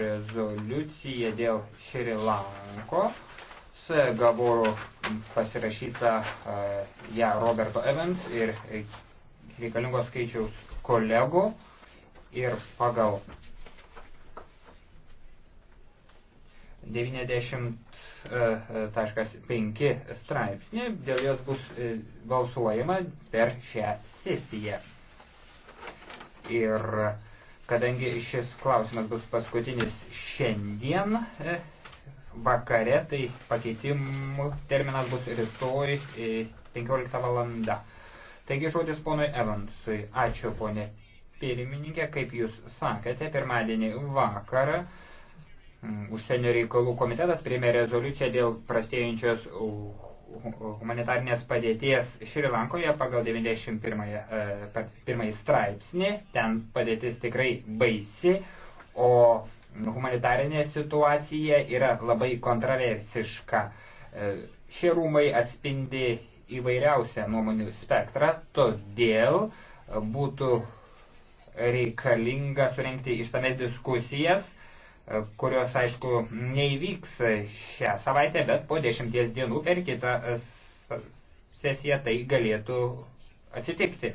rezoliucija dėl Šri Lanko. Gavoru pasirašyta e, ją ja, Roberto Evans ir reikalingos skaičiaus kolegų ir pagal 90.5 e, e, straipsnį dėl jos bus balsuojama per šią sesiją. Ir Kadangi šis klausimas bus paskutinis šiandien e, vakare, tai pakeitimų terminas bus rytoj 15 e, valanda. Taigi žodis ponui Evansui. Ačiū, ponė pirmininkė, kaip jūs sakėte, pirmadienį vakarą užsienio reikalų komitetas priėmė rezoliuciją dėl prastėjančios humanitarnės padėties Šri Lankoje pagal 91 e, straipsnį. Ten padėtis tikrai baisi, o humanitarinė situacija yra labai kontroversiška. E, šie rūmai atspindi įvairiausią nuomonių spektrą, todėl būtų reikalinga surenkti ištames diskusijas E, kurios, aišku, neįvyks šią savaitę, bet po dešimties dienų per kitą e, sesiją tai galėtų atsitikti.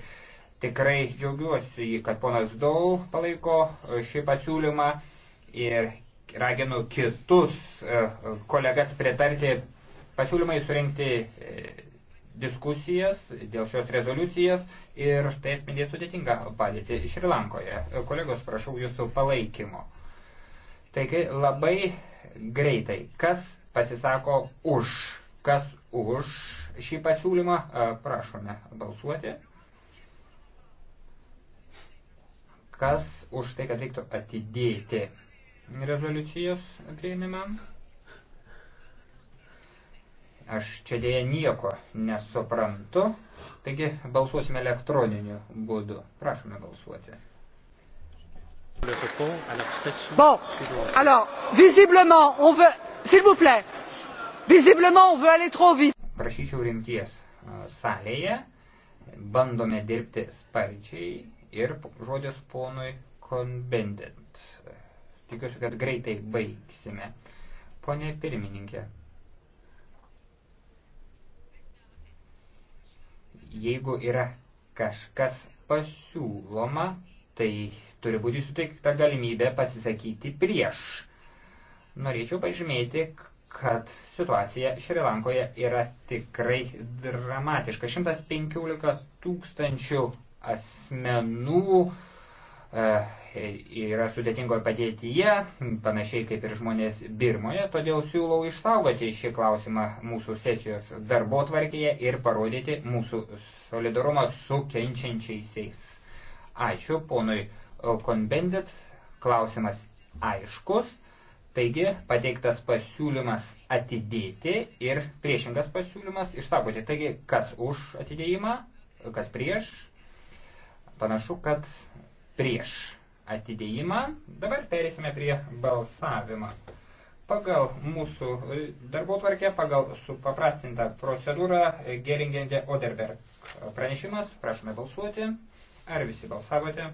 Tikrai džiaugiuosi, kad ponas Dau palaiko e, šį pasiūlymą ir raginu kitus kolegas pritarti pasiūlymai surinkti diskusijas dėl šios rezoliucijos ir tai atspindės sudėtingą padėtį Šrilankoje. Kolegos, prašau jūsų palaikymo. Taigi labai greitai, kas pasisako už, kas už šį pasiūlymą, e, prašome balsuoti. Kas už tai, kad reiktų atidėti rezoliucijos prieimimą. Aš čia dėja nieko nesuprantu, taigi balsuosime elektroniniu būdu. Prašome balsuoti visiblement on veut s'il vous plaît visiblement on veut aller trop vite prašyčiau rimties e, salėje bandome dirbti sparčiai ir žodis ponui konbendent tikiuosi kad greitai baigsime ponė pirmininkė jeigu yra kažkas pasiūloma tai turi būti suteikta galimybė pasisakyti prieš. Norėčiau pažymėti, kad situacija Šrilankoje yra tikrai dramatiška. 115 tūkstančių asmenų e, yra sudėtingoje padėtyje, panašiai kaip ir žmonės Birmoje, todėl siūlau išsaugoti šį klausimą mūsų sesijos darbo tvarkėje ir parodyti mūsų solidarumą su kenčiančiaisiais. Ačiū ponui Konbendit. Klausimas aiškus. Taigi pateiktas pasiūlymas atidėti ir priešingas pasiūlymas išsaugoti. Taigi kas už atidėjimą, kas prieš. Panašu, kad prieš atidėjimą. Dabar perėsime prie balsavimą. Pagal mūsų darbo tvarkę, pagal supaprastintą procedūrą Geringendė Oderberg pranešimas, prašome balsuoti. Ar visi balsavote?